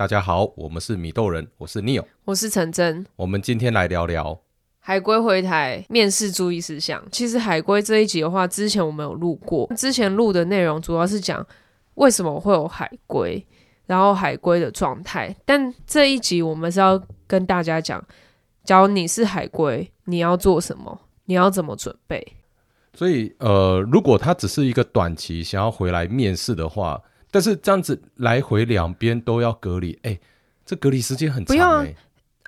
大家好，我們是米豆人，我是 Neo，我是陳蓁，我們今天來聊聊海歸回台面試注意事項。其實海歸這一集的話，之前我們有錄過，之前錄的內容主要是講為什麼會有海歸，然後海歸的狀態。但這一集我們是要跟大家講，假如你是海歸，你要做什麼，你要怎麼準備？所以，呃，如果他只是一個短期想要回來面試的話。但是這樣子來回兩邊都要隔離，哎、欸，這隔離時間很長啊、欸，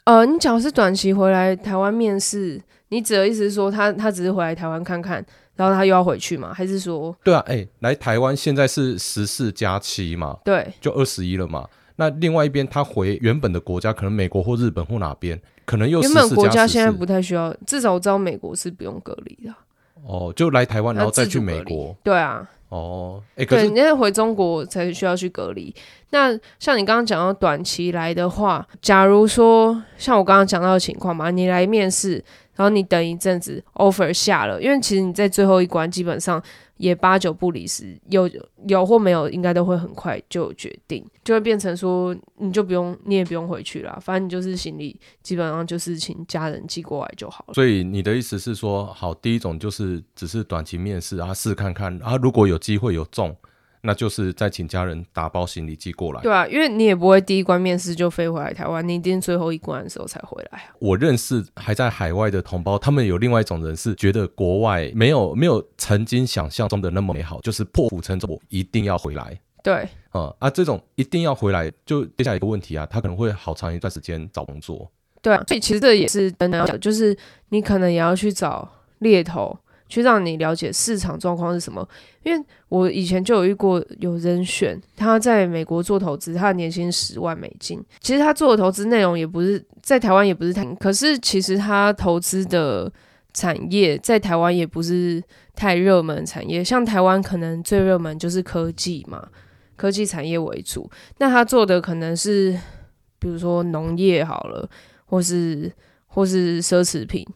呃，你只要是短期回來台灣面試，你指的意思是說他他只是回來台灣看看，然後他又要回去嘛？還是說？對啊，哎、欸，來台灣現在是十四加七嘛？對，就二十一了嘛。那另外一邊他回原本的國家，可能美國或日本或哪邊，可能又十四加十四，原本國家現在不太需要，至少我知道美國是不用隔離的。哦，就來台灣然後再去美國？對啊。哦，哎，對，你現在回中國才需要去隔離。那像你剛剛講到短期來的話，假如說像我剛剛講到的情況嘛，你來面試。然後你等一陣子，offer 下了，因為其實你在最後一關，基本上也八九不離十，有有，或沒有，應該都會很快就決定，就會變成說，你就不用，你也不用回去了，反正你就是行李基本上就是請家人寄過來就好了。所以你的意思是說，好，第一種就是只是短期面試啊，試看看啊，如果有機會有中。那就是再請家人打包行李寄過來，對啊，因為你也不會第一關面試就飛回來台灣，你一定最後一關的時候才回來。我認識還在海外的同胞，他們有另外一種人是覺得國外沒有沒有曾經想象中的那麼美好，就是破釜沉舟一定要回來。對，嗯，啊，這種一定要回來，就接下來一個問題啊，他可能會好長一段時間找工作。對啊，所以其實這也是真的要講，就是你可能也要去找獵頭。去讓你了解市場狀況是什麼？因為我以前就有遇過有人選，他在美國做投資，他年薪十萬美金。其實他做的投資內容也不是在台灣，也不是太……可是其實他投資的產業在台灣也不是太熱門產業，像台灣可能最熱門就是科技嘛，科技產業為主。那他做的可能是，比如說農業好了，或是或是奢侈品。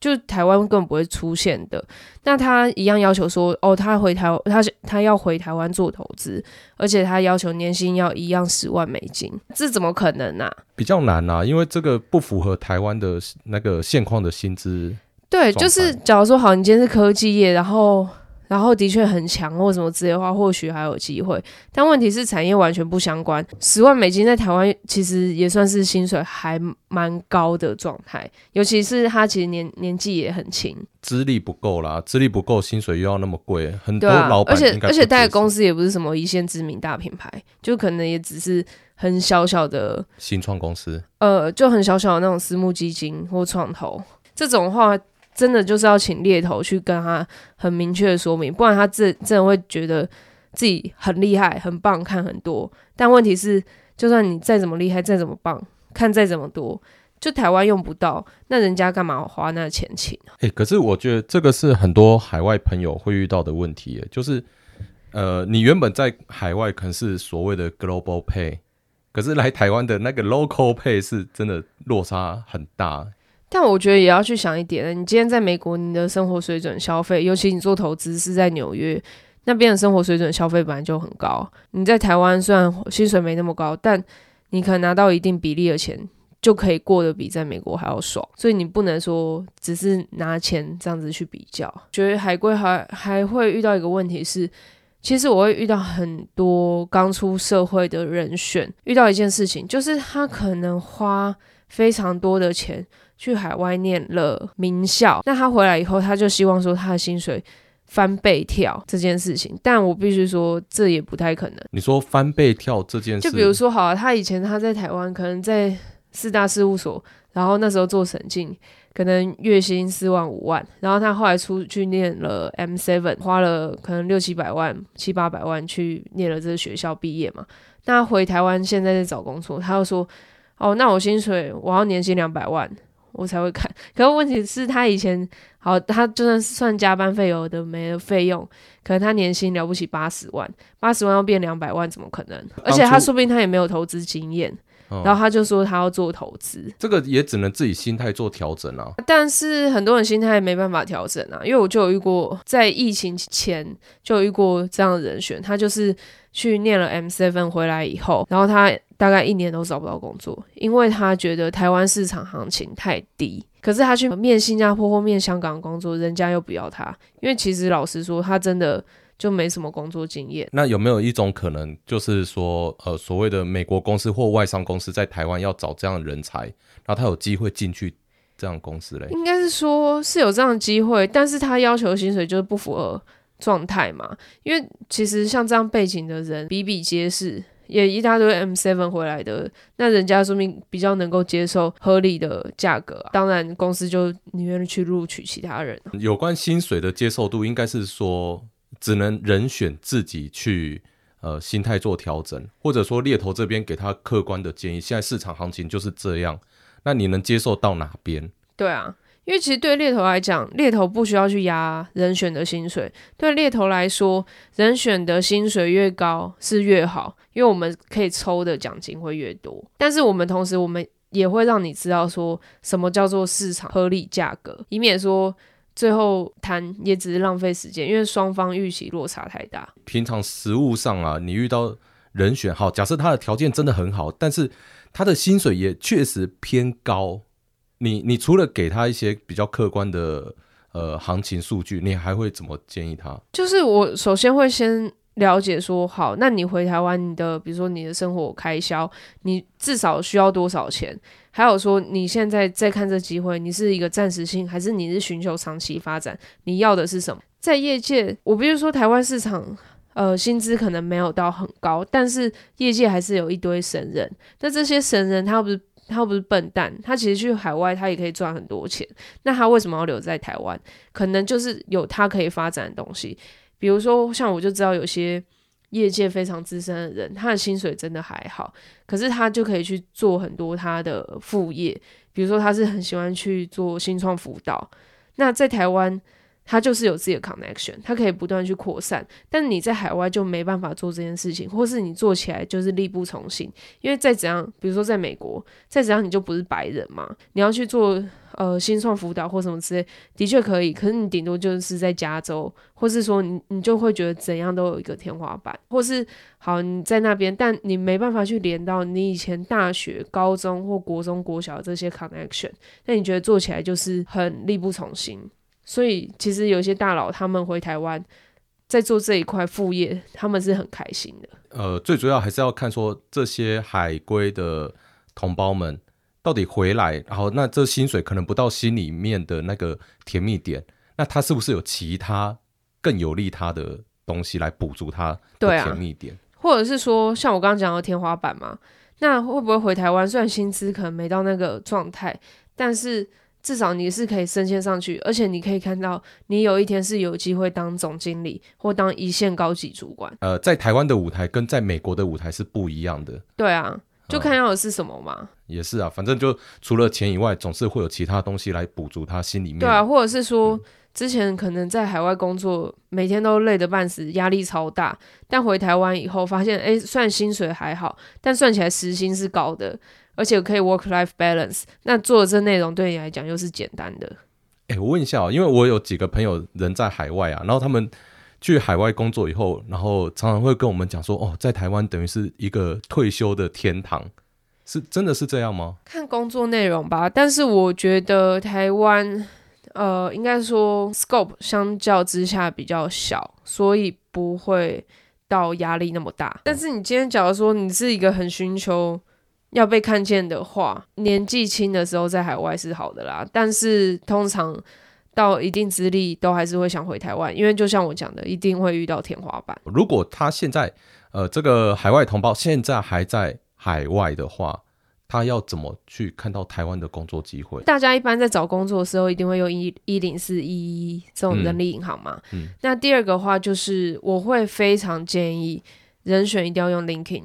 就台灣根本不會出現的，那他一樣要求說，哦，他回台，他他要回台灣做投資，而且他要求年薪要一樣十萬美金，這是怎麼可能呢？啊？比較難啊，因為這個不符合台灣的那個現況的薪資。對，就是假如說好，你今天是科技業，然後，然後的確很強，或什麼之類的話，或許還有機會。但問題是產業完全不相關。十萬美金在台灣其實也算是薪水還蠻高的狀態，尤其是他其實年年紀也很輕，資歷不夠啦，資歷不夠，薪水又要那麼貴，很多老闆、啊，板。而且而且大公司也不是什麼一線知名大品牌，就可能也只是很小小的，新創公司，呃，就很小小的那種私募基金或創投這種的話。真的就是要請獵頭去跟他很明確的說明，不然他這真的會覺得自己很厲害、很棒，看很多。但問題是，就算你再怎麼厲害、再怎麼棒，看再怎麼多，就台灣用不到，那人家幹嘛要花那錢請？哎、欸，可是我覺得這個是很多海外朋友會遇到的問題，就是呃，你原本在海外可能是所謂的 global pay，可是來台灣的那個 local pay 是真的落差很大。但我覺得也要去想一點，你今天在美國，你的生活水準消費，尤其你做投資是在紐約那邊的生活水準消費本來就很高。你在台灣雖然薪水沒那麼高，但你可能拿到一定比例的錢就可以過得比在美國還要爽。所以你不能說只是拿錢這樣子去比較。覺得海歸還還會遇到一個問題是，其實我會遇到很多剛出社會的人選，遇到一件事情就是他可能花非常多的錢。去海外念了名校，那他回來以後，他就希望說他的薪水翻倍跳這件事情。但我必須說，這也不太可能。你說翻倍跳這件事，就比如說，好啊，他以前他在台灣，可能在四大事務所，然後那時候做審計，可能月薪四萬五萬。然後他後來出去念了 M7，花了可能六七百萬、七八百萬去念了這個學校畢業嘛。那回台灣現在在找工作，他又說，哦，那我薪水我要年薪兩百萬。我才會看，可是問題是他以前好，他就算是算加班費有的沒的費用，可能他年薪了不起八十萬，八十萬要變兩百萬，怎麼可能？助而且他說不定他也沒有投資經驗。嗯、然後他就說他要做投資，這個也只能自己心態做調整啊。但是很多人心態沒辦法調整啊，因為我就有遇過在疫情前就有遇過這樣的人選，他就是去念了 M7 回來以後，然後他大概一年都找不到工作，因為他覺得台灣市場行情太低，可是他去面新加坡或面香港的工作，人家又不要他，因為其實老實說，他真的。就沒什麼工作經驗，那有沒有一種可能，就是說，呃，所謂的美國公司或外商公司在台灣要找這樣的人才，然後他有機會進去這樣公司嘞？應該是說是有這樣的機會，但是他要求薪水就是不符合狀態嘛。因為其實像這樣背景的人比比皆是，也一大堆 M7 回來的，那人家說明比較能夠接受合理的價格啊，當然公司就寧願去錄取其他人啊。有關薪水的接受度，應該是說。只能人選自己去，呃，心態做調整，或者說獵頭這邊給他客觀的建議。現在市場行情就是這樣，那你能接受到哪邊？對啊，因為其實對獵頭來講，獵頭不需要去壓人選的薪水。對獵頭來說，人選的薪水越高是越好，因為我們可以抽的獎金會越多。但是我們同時，我們也會讓你知道說什麼叫做市場合理價格，以免說。最後談也只是浪費時間，因為雙方預期落差太大。平常實務上啊，你遇到人選好，假設他的條件真的很好，但是他的薪水也確實偏高，你你除了給他一些比較客觀的呃行情數據，你還會怎麼建議他？就是我首先會先。了解說好，那你回台灣，你的比如說你的生活開銷，你至少需要多少錢？還有說你現在在看這機會，你是一個暫時性，還是你是尋求長期發展？你要的是什麼？在業界，我比如說台灣市場，呃，薪資可能沒有到很高，但是業界還是有一堆神人。那這些神人，他又不是他又不是笨蛋，他其實去海外他也可以賺很多錢。那他為什麼要留在台灣？可能就是有他可以發展的東西。比如說，像我就知道有些業界非常資深的人，他的薪水真的還好，可是他就可以去做很多他的副業，比如說他是很喜歡去做新創輔導，那在台灣。它就是有自己的 connection，它可以不斷去擴散，但你在海外就沒辦法做這件事情，或是你做起來就是力不從心，因為再怎樣，比如說在美國，再怎樣你就不是白人嘛，你要去做呃新創輔導或什麼之類，的確可以，可是你頂多就是在加州，或是說你你就會覺得怎樣都有一個天花板，或是好你在那邊，但你沒辦法去連到你以前大學、高中或國中國小這些 connection，那你覺得做起來就是很力不從心。所以其實有些大佬他們回台灣，在做這一塊副業，他們是很開心的。呃，最主要還是要看說這些海歸的同胞們到底回來，然後那這薪水可能不到心裡面的那個甜蜜點，那他是不是有其他更有利他的東西來補足他甜蜜點。對啊，或者是說，像我剛剛講的天花板嘛，那會不會回台灣？雖然薪資可能沒到那個狀態，但是。至少你是可以升遷上去，而且你可以看到，你有一天是有機會當總經理或當一線高級主管。呃，在台灣的舞台跟在美國的舞台是不一樣的。對啊，就看要的是什麼嘛、嗯。也是啊，反正就除了錢以外，總是會有其他東西來補足他心裡面。對啊，或者是說，嗯、之前可能在海外工作，每天都累得半死，壓力超大，但回台灣以後發現，哎，算薪水還好，但算起來時薪是高的。而且可以 work life balance，那做的這內容對你來講又是簡單的。哎、欸，我問一下哦，因為我有幾個朋友人在海外啊，然後他們去海外工作以後，然後常常會跟我們講說，哦，在台灣等於是一個退休的天堂，是真的是這樣嗎？看工作內容吧，但是我覺得台灣，呃，應該說 scope 相較之下比較小，所以不會到壓力那麼大。嗯、但是你今天假如說你是一個很尋求。要被看見的話，年紀輕的時候在海外是好的啦。但是通常到一定資歷，都還是會想回台灣，因為就像我講的，一定會遇到天花板。如果他現在呃，這個海外同胞現在還在海外的話，他要怎麼去看到台灣的工作機會？大家一般在找工作的時候，一定會用一一零四一一這種人力銀行嘛。嗯嗯、那第二個話就是，我會非常建議人選一定要用 LinkedIn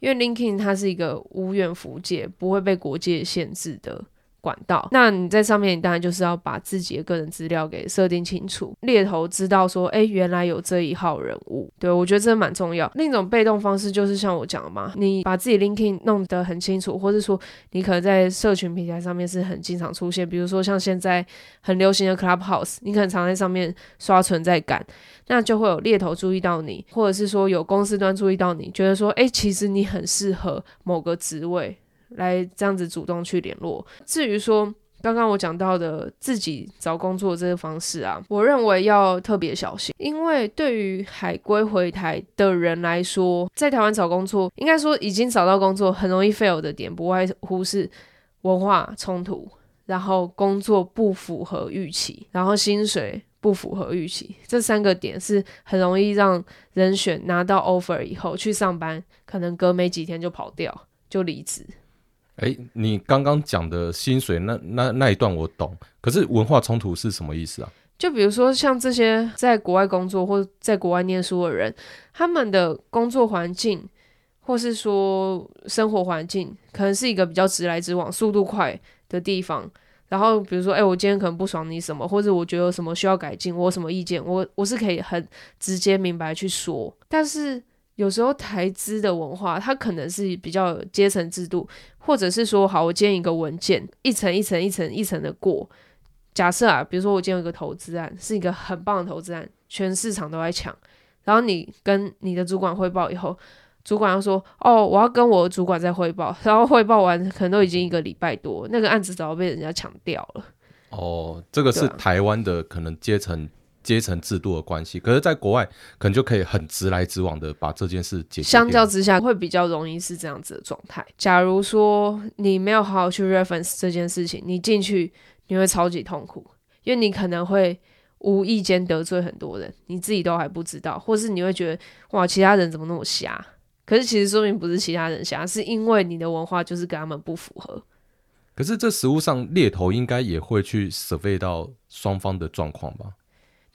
因為 LinkedIn 它是一個無遠弗屆，不會被國界限制的管道，那你在上面，你當然就是要把自己的個人資料給設定清楚。獵頭知道說，欸，原來有這一號人物，對，我覺得這蠻重要。另一種被動方式就是像我講的嘛，你把自己 LinkedIn 弄得很清楚，或者說你可能在社群平台上面是很經常出現，比如說像現在很流行的 Clubhouse，你可能常在上面刷存在感，那就會有獵頭注意到你，或者是說有公司端注意到你，覺得說，欸，其實你很適合某個職位。來這樣子主動去聯絡。至於說剛剛我講到的自己找工作這個方式啊，我認為要特別小心，因為對於海歸回台的人來說，在台灣找工作，應該說已經找到工作，很容易 fail 的點，不外乎是文化衝突，然後工作不符合預期，然後薪水不符合預期，這三個點是很容易讓人選拿到 offer 以後去上班，可能隔沒幾天就跑掉，就離職。哎，你剛剛講的薪水那那那一段我懂，可是文化衝突是什麼意思啊？就比如說像這些在國外工作或者在國外念書的人，他們的工作環境或是說生活環境，可能是一個比較直來直往、速度快的地方。然後比如說，哎，我今天可能不爽你什麼，或者我覺得有什麼需要改進，我有什麼意見，我我是可以很直接明白去說。但是。有時候台資的文化，它可能是比較有階層制度，或者是說，好，我建一個文件，一層一層一層一層的過。假設啊，比如說我建一個投資案，是一個很棒的投資案，全市場都在搶。然後你跟你的主管匯報以後，主管要說，哦，我要跟我主管再匯報。然後匯報完，可能都已經一個禮拜多，那個案子早就被人家搶掉了。哦，這個是台灣的、啊、可能階層。階層制度的關係，可是，在國外可能就可以很直來直往的把這件事解決。相較之下，會比較容易是這樣子的狀態。假如說你沒有好好去 reference 這件事情，你進去你會超級痛苦，因為你可能會無意間得罪很多人，你自己都還不知道，或是你會覺得哇，其他人怎麼那麼瞎？可是其實說明不是其他人瞎，是因為你的文化就是跟他們不符合。可是這實務上，獵頭應該也會去 survey 到雙方的狀況吧？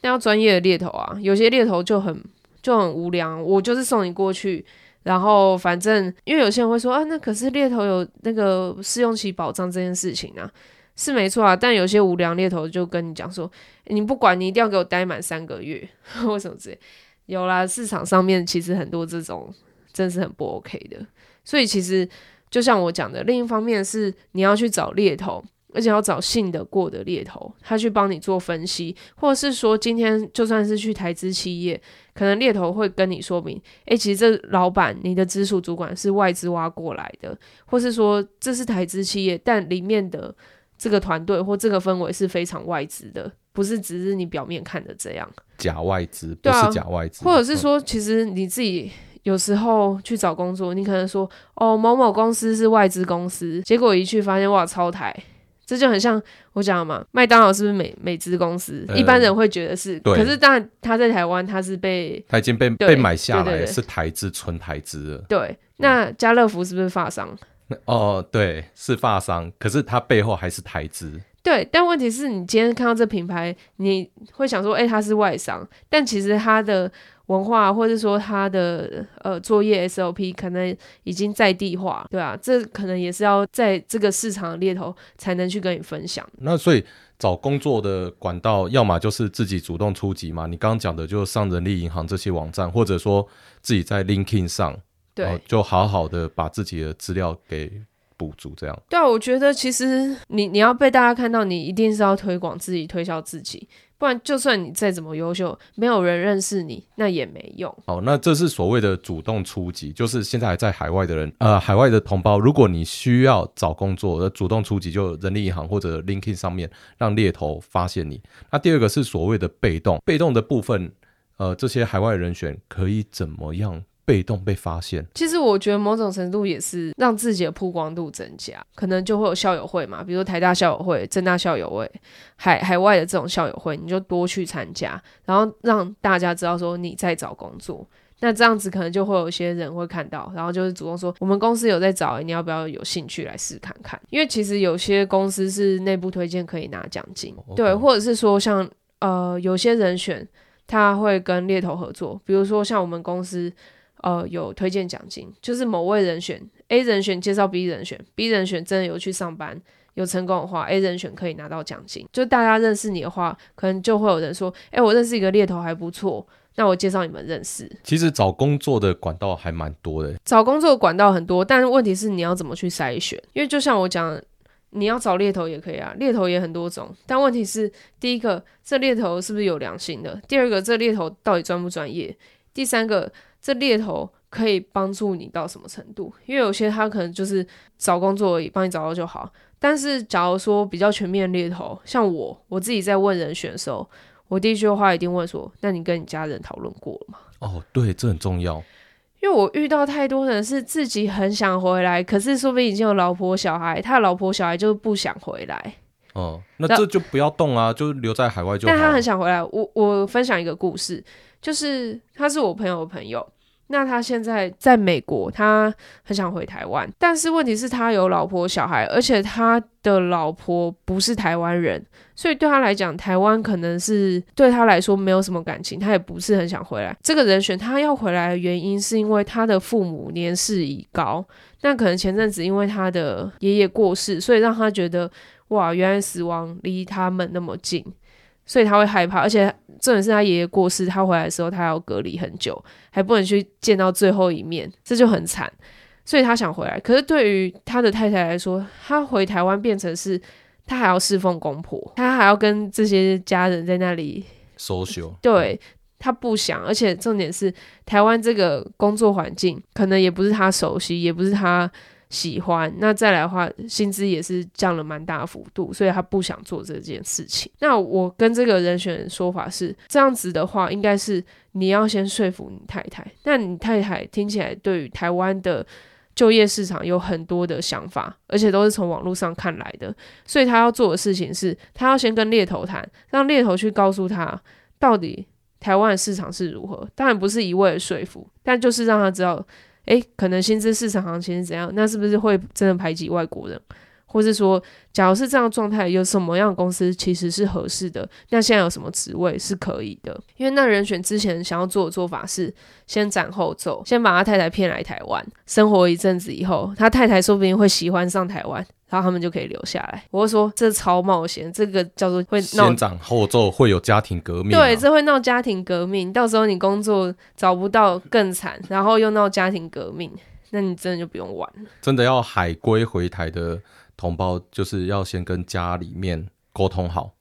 要專業的獵頭啊，有些獵頭就很就很無良。我就是送你過去，然後反正因為有些人會說啊，那可是獵頭有那個試用期保障這件事情啊，是沒錯啊。但有些無良獵頭就跟你講說，你不管你一定要給我待滿三個月，為什麼這樣？有啦，市場上面其實很多這種真是很不 OK 的。所以其實就像我講的，另一方面是你要去找獵頭。而且要找信得過的獵頭，他去幫你做分析，或者是說，今天就算是去台資企業，可能獵頭會跟你說明：哎、欸，其實這老闆、你的直屬主管是外資挖過來的，或是說，這是台資企業，但裡面的這個團隊或這個氛圍是非常外資的，不是只是你表面看的這樣。假外資不是假外資。對啊，或者是說，其實你自己有時候去找工作，嗯、你可能說：哦，某某公司是外資公司，結果一去發現，哇，超台。這就很像我講的嘛，麥當勞是不是美美資公司？呃、一般人會覺得是，對可是當然他在台灣他是被他已經被對被買下來對對對是台資純台資了。對，那家樂福是不是法商？嗯、哦，對，是法商，可是它背後還是台資。對，但問題是，你今天看到這品牌，你會想說，哎，它是外商，但其實它的。文化，或者說他的呃作業 SOP 可能已經在地化，對啊，這可能也是要在這個市場獵頭才能去跟你分享。那所以找工作的管道，要麼就是自己主動出擊嘛。你剛剛講的，就是上人力銀行這些網站，或者說自己在 LinkedIn 上，對，然後就好好的把自己的資料給。補足這樣對啊，我覺得其實你你要被大家看到，你一定是要推廣自己、推銷自己，不然就算你再怎麼優秀，沒有人認識你，那也沒用。好、哦，那這是所謂的主動出擊，就是現在還在海外的人，呃，海外的同胞，如果你需要找工作，主動出擊就人力銀行或者 LinkedIn 上面讓獵頭發現你。那第二個是所謂的被動，被動的部分，呃，這些海外人選可以怎麼樣？被動被發現，其實我覺得某種程度也是讓自己的曝光度增加，可能就會有校友會嘛，比如說台大校友會、政大校友會、海海外的這種校友會，你就多去參加，然後讓大家知道說你在找工作，那這樣子可能就會有些人會看到，然後就是主動說我們公司有在找、欸，你要不要有興趣來試看看？因為其實有些公司是內部推薦可以拿獎金，Okay. 對，或者是說像呃有些人選他會跟獵頭合作，比如說像我們公司。呃，有推薦獎金，就是某位人選 A 人選介紹 B 人選，B 人選真的有去上班，有成功的話，A 人選可以拿到獎金。就大家認識你的話，可能就會有人說：“欸，我認識一個獵頭還不錯，那我介紹你們認識。”其實找工作的管道還蠻多的，找工作的管道很多，但問題是你要怎麼去篩選？因為就像我講的，你要找獵頭也可以啊，獵頭也很多種，但問題是第一個，這獵頭是不是有良心的？第二個，這獵頭到底專不專業？第三個。這獵頭可以幫助你到什麼程度？因為有些他可能就是找工作而已，幫你找到就好。但是假如說比較全面獵頭，像我我自己在問人選的時候，我第一句話一定問說：“那你跟你家人討論過了嗎？”哦，對，這很重要。因為我遇到太多人是自己很想回來，可是說不定已經有老婆小孩，他的老婆小孩就是不想回來。哦，那這就不要動啊，那就留在海外就好。但他很想回來。我我分享一個故事，就是他是我朋友的朋友。那他現在在美國，他很想回台灣，但是問題是，他有老婆小孩，而且他的老婆不是台灣人，所以對他來講，台灣可能是對他來說沒有什麼感情，他也不是很想回來。這個人選他要回來的原因，是因為他的父母年事已高，但可能前陣子因為他的爺爺過世，所以讓他覺得，哇，原來死亡離他們那麼近。所以他會害怕，而且重點是他爺爺過世，他回來的時候，他要隔離很久，還不能去見到最後一面，這就很慘。所以他想回來，可是對於他的太太來說，他回台灣變成是他還要侍奉公婆，他還要跟這些家人在那裡 Social. 對，他不想，而且重點是台灣這個工作環境可能也不是他熟悉，也不是他。喜歡那再來的話，薪資也是降了蠻大幅度，所以他不想做這件事情。那我跟這個人選說法是這樣子的話，應該是你要先說服你太太。那你太太聽起來對於台灣的就業市場有很多的想法，而且都是從網絡上看來的，所以他要做的事情是，他要先跟獵頭談，讓獵頭去告訴他到底台灣的市場是如何。當然不是一味的說服，但就是讓他知道。哎，可能薪資市場行情是怎樣？那是不是會真的排擠外國人？或是說，假如是這樣狀態，有什麼樣的公司其實是合適的？那現在有什麼職位是可以的？因為那人選之前想要做的做法是先斬後奏，先把他太太騙來台灣生活一陣子以後，他太太說不定會喜歡上台灣，然後他們就可以留下來。我會說這超冒險，這個叫做會先斬後奏，會有家庭革命啊。對，這會鬧家庭革命，到時候你工作找不到更慘，然後又鬧家庭革命，那你真的就不用玩了。真的要海歸回台的。同胞就是要先跟家裡面溝通好。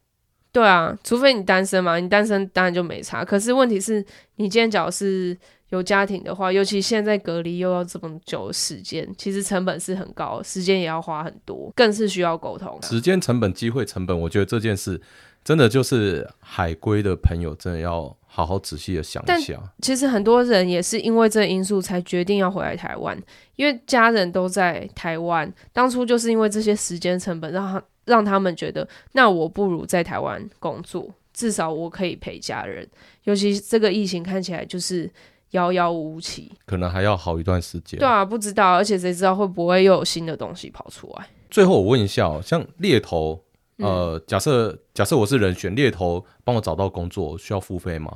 對啊，除非你單身嘛，你單身當然就沒差。可是問題是你今天只要是有家庭的話，尤其現在隔離又要這麼久的時間，其實成本是很高，時間也要花很多，更是需要溝通啊。時間成本、機會成本，我覺得這件事。真的就是海歸的朋友，真的要好好仔細的想一想。其實很多人也是因為這因素才決定要回來台灣，因為家人都在台灣。當初就是因為這些時間成本讓，讓他讓他們覺得，那我不如在台灣工作，至少我可以陪家人。尤其這個疫情看起來就是遙遙無期，可能還要好一段時間。對啊，不知道，而且誰知道會不會又有新的東西跑出來？最後我問一下哦，像獵頭。呃，假設假設我是人選，獵頭幫我找到工作，需要付費嗎？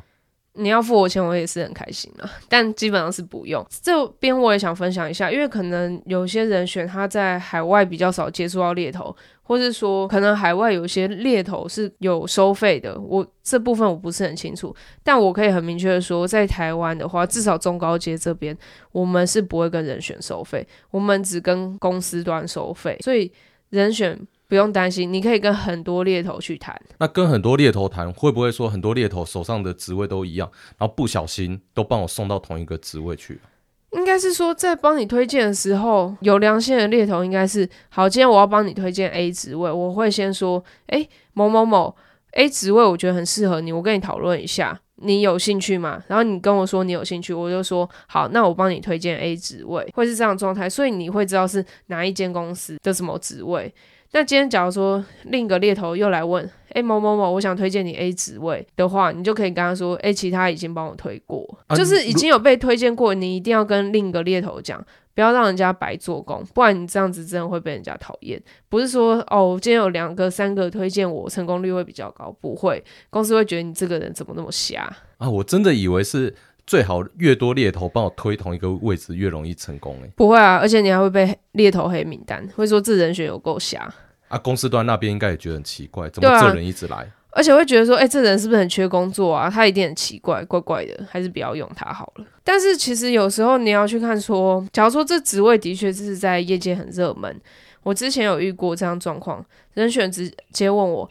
嗯，你要付我錢，我也是很開心啊。但基本上是不用。這邊我也想分享一下，因為可能有些人選他在海外比較少接觸到獵頭，或是說可能海外有些獵頭是有收費的。我這部分我不是很清楚，但我可以很明確的說，在台灣的話，至少中高階這邊，我們是不會跟人選收費，我們只跟公司端收費。所以人選。不用擔心，你可以跟很多獵頭去談。那跟很多獵頭談，會不會說很多獵頭手上的職位都一樣，然後不小心都幫我送到同一個職位去？應該是說，在幫你推薦的時候，有良心的獵頭應該是：好，今天我要幫你推薦 A 職位，我會先說，哎、欸，某某某，A 職位我覺得很適合你，我跟你討論一下，你有興趣嗎？然後你跟我說你有興趣，我就說好，那我幫你推薦 A 職位，會是這樣狀態，所以你會知道是哪一間公司的什麼職位。那今天假如說另一個獵頭又來問，哎、欸，某某某，我想推薦你 A 職位的話，你就可以跟他說，哎、欸，其他已經幫我推過，嗯、就是已經有被推薦過，嗯、你一定要跟另一個獵頭講，不要讓人家白做工，不然你這樣子真的會被人家討厭。不是說哦，今天有兩個、三個推薦我，我成功率會比較高，不會，公司會覺得你這個人怎麼那麼瞎啊！我真的以為是。最好越多獵頭幫我推同一個位置，越容易成功哎、欸。不會啊，而且你還會被獵頭黑名單，會說這人選有夠瞎啊。公司端那邊應該也覺得很奇怪，怎麼這人一直來？啊、而且會覺得說，哎、欸，這人是不是很缺工作啊？他一定很奇怪，怪怪的，還是不要用他好了。但是其實有時候你要去看說，假如說這職位的確是在業界很熱門，我之前有遇過這樣狀況，人選直直接問我，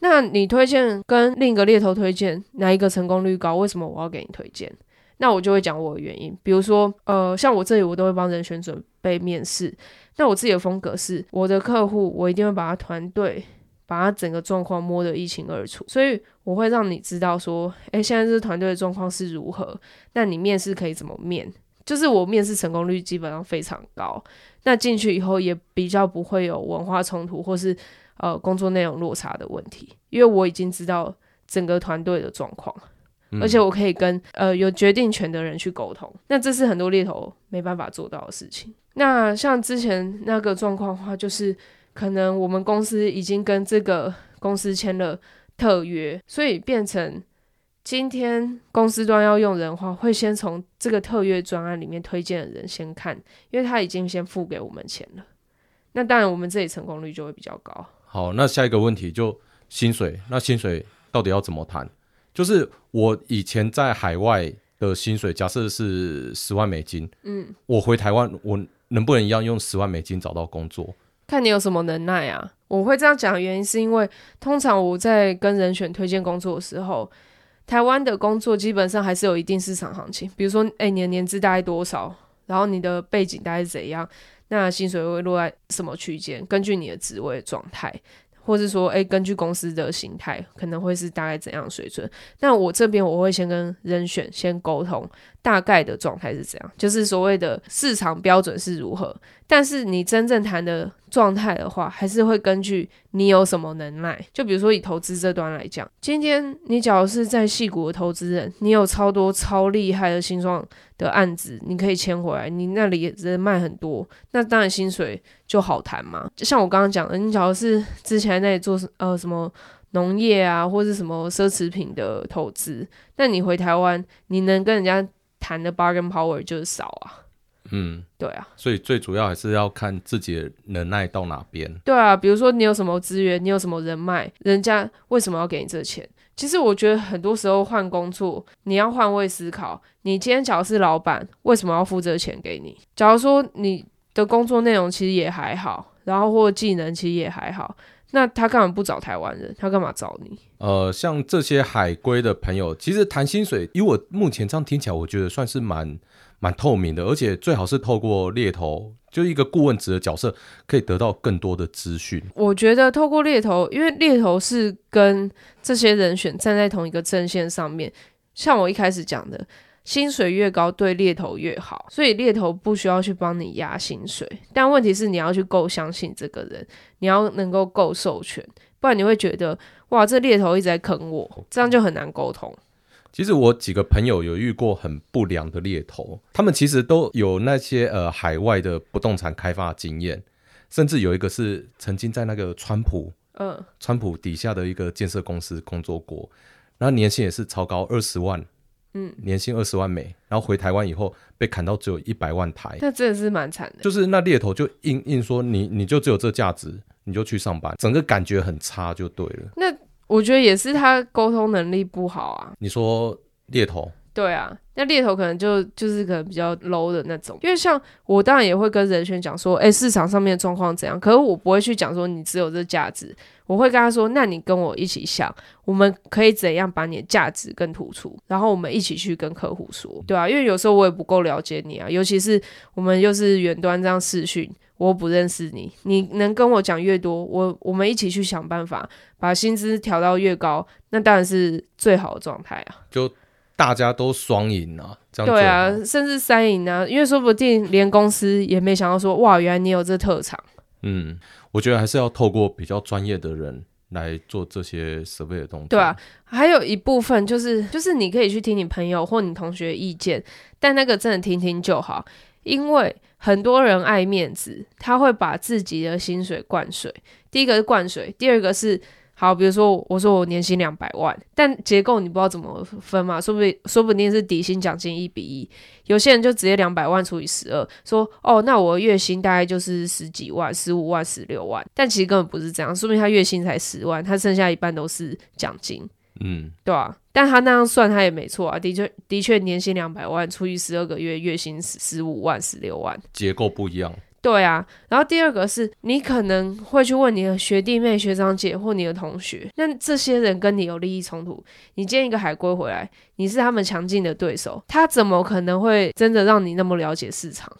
那你推薦跟另一個獵頭推薦哪一個成功率高？為什麼我要給你推薦？那我就會講我的原因，比如說，呃，像我這裡我都會幫人選準備面試。那我自己的風格是，我的客戶我一定會把他團隊、把他整個狀況摸得一清二楚，所以我會讓你知道說，誒，現在這個團隊的狀況是如何，那你面試可以怎麼面？就是我面試成功率基本上非常高，那進去以後也比較不會有文化衝突或是，呃，工作內容落差的問題，因為我已經知道整個團隊的狀況。而且我可以跟呃有決定權的人去溝通，那這是很多獵頭沒辦法做到的事情。那像之前那個狀況的話，就是可能我們公司已經跟這個公司簽了特約，所以變成今天公司端要用人的話，會先從這個特約專案裡面推薦的人先看，因為他已經先付給我們錢了。那當然我們這裡成功率就會比較高。好，那下一個問題就薪水，那薪水到底要怎麼談？就是我以前在海外的薪水，假設是十萬美金，嗯，我回台灣，我能不能一樣用十萬美金找到工作？看你有什麼能耐啊！我會這樣講的原因，是因為通常我在跟人選推薦工作的時候，台灣的工作基本上還是有一定市場行情。比如說，欸，你的年資大概多少？然後你的背景大概是怎樣？那薪水會落在什麼區間？根據你的職位狀態。或是說，哎、欸，根據公司的形態，可能會是大概怎樣的水準？那我這邊我會先跟人選先溝通，大概的狀態是怎樣，就是所謂的市場標準是如何。但是你真正談的狀態的話，還是會根據你有什麼能耐。就比如說以投資這端來講，今天你假如是在矽谷的投資人，你有超多超厲害的新創的案子，你可以簽回來，你那裡人脈很多，那當然薪水就好談嘛。就像我剛剛講的，你假如是之前在那裡做呃什麼農業啊，或者什麼奢侈品的投資，那你回台灣，你能跟人家談的 bargain power 就是少啊。嗯，對啊，所以最主要還是要看自己能耐到哪邊。對啊，比如說你有什麼資源，你有什麼人脈，人家為什麼要給你這錢？其實我覺得很多時候換工作，你要換位思考。你今天假如是老闆，為什麼要付這錢給你？假如說你的工作內容其實也還好，然後或技能其實也還好，那他幹嘛不找台灣人？他幹嘛找你？呃，像這些海歸的朋友，其實談薪水，以我目前這樣聽起來，我覺得算是蠻。蠻透明的，而且最好是透過獵頭，就一個顧問職的角色，可以得到更多的資訊。我覺得透過獵頭，因為獵頭是跟這些人選站在同一個陣線上面，像我一開始講的，薪水越高對獵頭越好，所以獵頭不需要去幫你壓薪水。但問題是你要去夠相信這個人，你要能夠夠授權，不然你會覺得哇，這獵頭一直在坑我，這樣就很難溝通。其實我幾個朋友有遇過很不良的獵頭，他們其實都有那些呃海外的不動產開發經驗，甚至有一個是曾經在那個川普，嗯，川普底下的一個建設公司工作過，然後年薪也是超高二十萬，嗯，年薪二十萬美，然後回台灣以後被砍到只有一百萬台，那真的是蠻慘的，就是那獵頭就硬硬說你你就只有這價值，你就去上班，整個感覺很差就對了。那我覺得也是他溝通能力不好啊。你說獵頭？對啊，那獵頭可能就就是可能比較 low 的那種。因為像我當然也會跟人選講說，哎、欸，市場上面的狀況怎樣？可是我不會去講說你只有這價值，我會跟他說，那你跟我一起想，我們可以怎樣把你的價值更突出，然後我們一起去跟客戶說，對啊。因為有時候我也不夠了解你啊，尤其是我們又是遠端這樣視訊。我不認識你，你能跟我講越多，我我們一起去想辦法把薪資調到越高，那當然是最好的狀態啊。就大家都雙贏啊，這樣對啊，甚至三贏啊，因為說不定連公司也沒想到說，哇，原來你有這特長。嗯，我覺得還是要透過比較專業的人來做這些 survey 的東西。對啊，還有一部分就是，就是你可以去聽你朋友或你同學意見，但那個真的聽聽就好，因為。很多人愛面子，他會把自己的薪水灌水。第一個是灌水，第二個是好，比如說我說我年薪兩百萬，但結構你不知道怎麼分嘛？說不定說不定是底薪獎金一比一，有些人就直接兩百萬除以十二，說哦，那我月薪大概就是十幾萬、十五萬、十六萬，但其實根本不是這樣，說不定他月薪才十萬，他剩下一半都是獎金。嗯，對啊。但他那樣算，他也沒錯啊。的確，的確，年薪兩百萬，除以十二個月，月薪十十五萬、十六萬，結構不一樣。對啊。然後第二個是，你可能會去問你的學弟妹、學長姐或你的同學，那這些人跟你有利益衝突。你見一個海歸回來，你是他們強勁的對手，他怎麼可能會真的讓你那麼了解市場？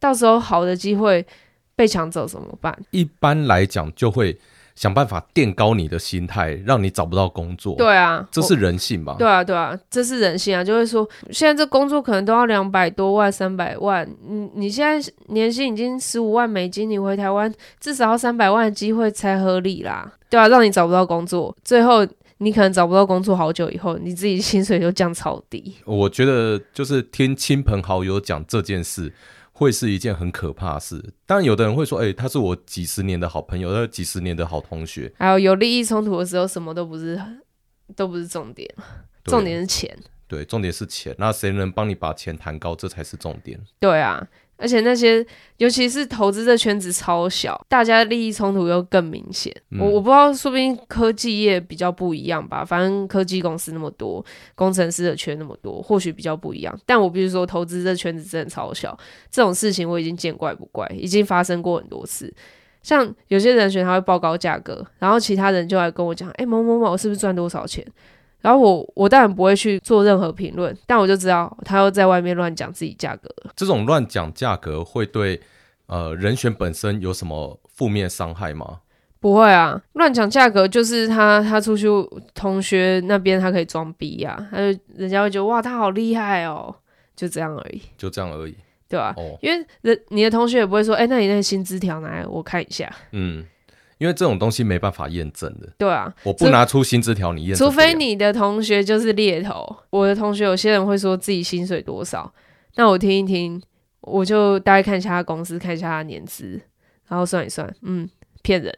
到時候好的機會被搶走怎麼辦？一般來講就會。想辦法墊高你的心態，讓你找不到工作。對啊，這是人性吧？對啊，對啊，這是人性啊！就會說，現在這工作可能都要兩百多萬、三百萬。你你現在年薪已經十五萬美金，你回台灣至少要三百萬的機會才合理啦。對啊，讓你找不到工作，最後你可能找不到工作，好久以後你自己薪水就降超低。我覺得就是聽親朋好友講這件事。會是一件很可怕的事。當然，有的人會說：“誒、欸，他是我幾十年的好朋友，呃，幾十年的好同學。”還有有利益衝突的時候，什麼都不是，都不是重點，對，重點是錢。對，重點是錢。那誰能幫你把錢談高，這才是重點。對啊。而且那些，尤其是投資這圈子，超小，大家利益衝突又更明顯。我、嗯、我不知道，說不定科技業比較不一樣吧。反正科技公司那麼多，工程師的圈那麼多，或許比較不一樣。但我必須說，投資這圈子真的超小，這種事情我已經見怪不怪，已經發生過很多次。像有些人選他會報高價格，然後其他人就來跟我講：“誒、欸，某某某是不是賺多少錢？”然後我我當然不會去做任何評論，但我就知道他又在外面亂講自己價格。這種亂講價格會對呃人選本身有什麼負面傷害嗎？不會啊，亂講價格就是他他出去同學那邊他可以裝逼啊。他就人家會覺得，哇，他好厲害哦，就這樣而已，就這樣而已，對吧？啊？哦、因為人你的同學也不會說，哎，那你那個薪資條拿來我看一下，嗯。因為這種東西沒辦法驗證的，對啊，我不拿出薪資條你驗證，對啊，除非你的同學就是獵頭。我的同學有些人會說自己薪水多少，那我聽一聽，我就大概看一下他公司，看一下他的年資，然後算一算，嗯，騙人。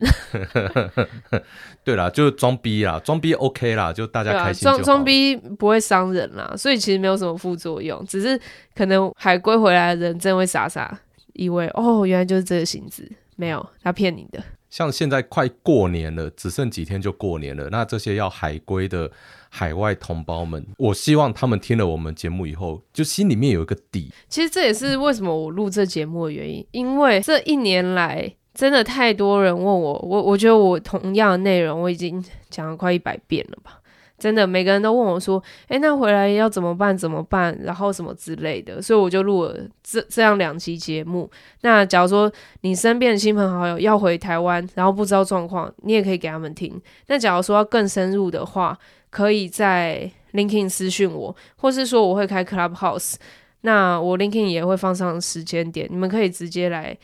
對啦，就裝逼啦，裝逼 OK 啦，就大家開心就好，裝裝、對啊、逼不會傷人啦，所以其實沒有什麼副作用，只是可能海歸回來的人真會傻傻以為哦，原來就是這個薪資，沒有他騙你的。像現在快過年了，只剩幾天就過年了。那這些要海歸的海外同胞們，我希望他們聽了我們節目以後，就心裡面有一個底。其實這也是為什麼我錄這節目的原因，因為這一年來真的太多人問我，我我覺得我同樣的內容我已經講了快一百遍了吧。真的，每個人都問我說，欸：“那回來要怎麼辦？怎麼辦？然後什麼之類的。”所以我就錄了這這樣兩期節目。那假如說你身邊的親朋好友要回台灣，然後不知道狀況，你也可以給他們聽。那假如說要更深入的話，可以在 LinkedIn 私訊我，或是說我會開 Clubhouse，那我 LinkedIn 也會放上時間點，你們可以直接來。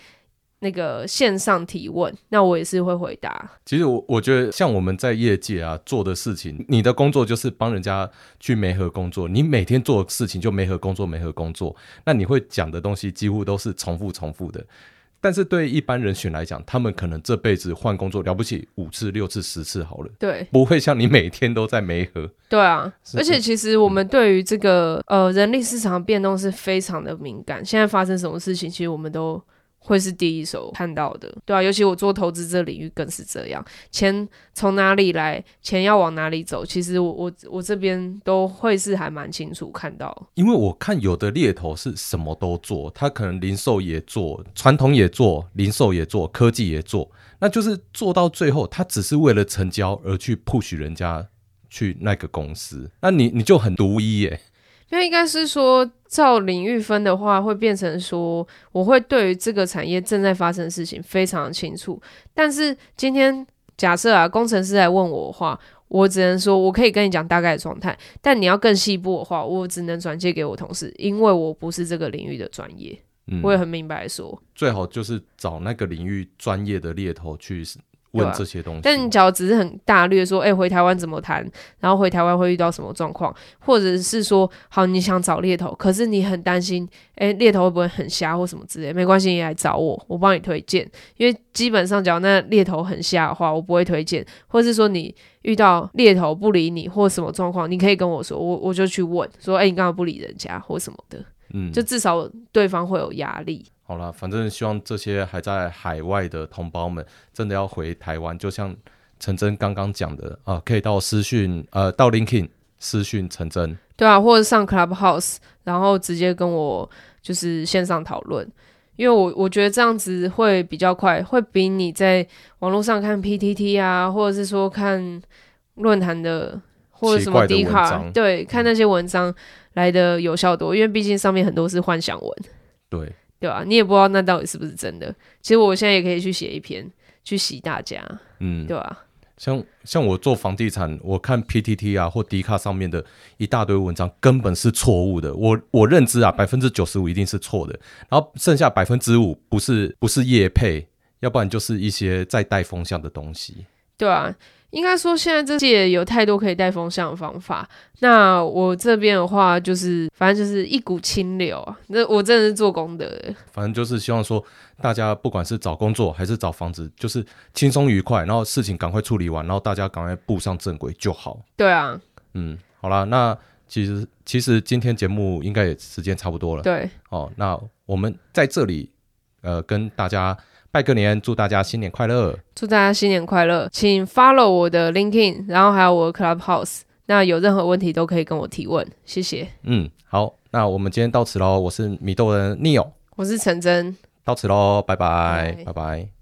那個線上提問，那我也是會回答。其實我我覺得，像我們在業界啊做的事情，你的工作就是幫人家去媒合工作，你每天做的事情就媒合工作，媒合工作。那你會講的東西幾乎都是重複重複的。但是對一般人選來講，他們可能這輩子換工作了不起五次六次十次好了，對，不會像你每天都在媒合。對啊，是是，而且其實我們對於這個、嗯、呃人力市場變動是非常的敏感。現在發生什麼事情，其實我們都。會是第一手看到的，對啊，尤其我做投資這領域更是這樣。錢從哪裡來，錢要往哪裡走，其實我我我這邊都會是還蠻清楚看到。因為我看有的獵頭是什麼都做，他可能零售也做，傳統也做，零售也做，科技也做，那就是做到最後，他只是為了成交而去 push 人家去那個公司，那你你就很獨一耶、欸。那應該是說。照領域分的話，會變成說我會對於這個產業正在發生的事情非常清楚。但是今天假設啊，工程師來問我的話，我只能說我可以跟你講大概的狀態，但你要更細部的話，我只能轉介給我同事，因為我不是這個領域的專業。嗯，我也很明白說，最好就是找那個領域專業的獵頭去。問這些東西，但你講只是很大略說，誒、欸，回台灣怎麼談，然後回台灣會遇到什麼狀況，或者是說，好，你想找獵頭，可是你很擔心，誒、欸，獵頭會不會很瞎或什麼之類？沒關係，你來找我，我幫你推薦，因為基本上講那獵頭很瞎的話，我不會推薦，或是說你遇到獵頭不理你或什麼狀況，你可以跟我說，我我就去問，說，誒、欸，你干嘛不理人家或什麼的，嗯、就至少對方會有壓力。好啦，反正希望這些還在海外的同胞們真的要回台灣，就像陳蓁剛剛講的啊、呃，可以到私訊呃到 LinkedIn 私訊陳蓁，對啊，或者上 Clubhouse，然後直接跟我就是線上討論，因為我我覺得這樣子會比較快，會比你在網絡上看 PTT 啊，或者是說看論壇的或者什麼 D 卡，對，看那些文章來得有效多，嗯、因為畢竟上面很多是幻想文，對。對吧？你也不知道那到底是不是真的。其實我現在也可以去寫一篇，去洗大家，嗯，對吧？像像我做房地產，我看 PTT 啊或迪卡上面的一大堆文章，根本是錯誤的。我我認知啊，百分之九十五一定是錯的，然後剩下百分之五不是不是業配，要不然就是一些在帶風向的東西。對啊，應該說現在這屆有太多可以帶風向的方法。那我這邊的話，就是反正就是一股清流啊。那我真的是做功德。反正就是希望說，大家不管是找工作還是找房子，就是輕鬆愉快，然後事情趕快處理完，然後大家趕快步上正軌就好。對啊，嗯，好啦。那其實其實今天節目應該也時間差不多了。對，哦，那我們在這裡呃跟大家。拜個年，祝大家新年快樂！祝大家新年快樂！請 follow 我的 LinkedIn，然後還有我的 Clubhouse，那有任何問題都可以跟我提問，謝謝。嗯，好，那我們今天到此嘍。我是米豆人 Neo，我是陳真，到此嘍，拜拜，拜拜。拜拜拜拜。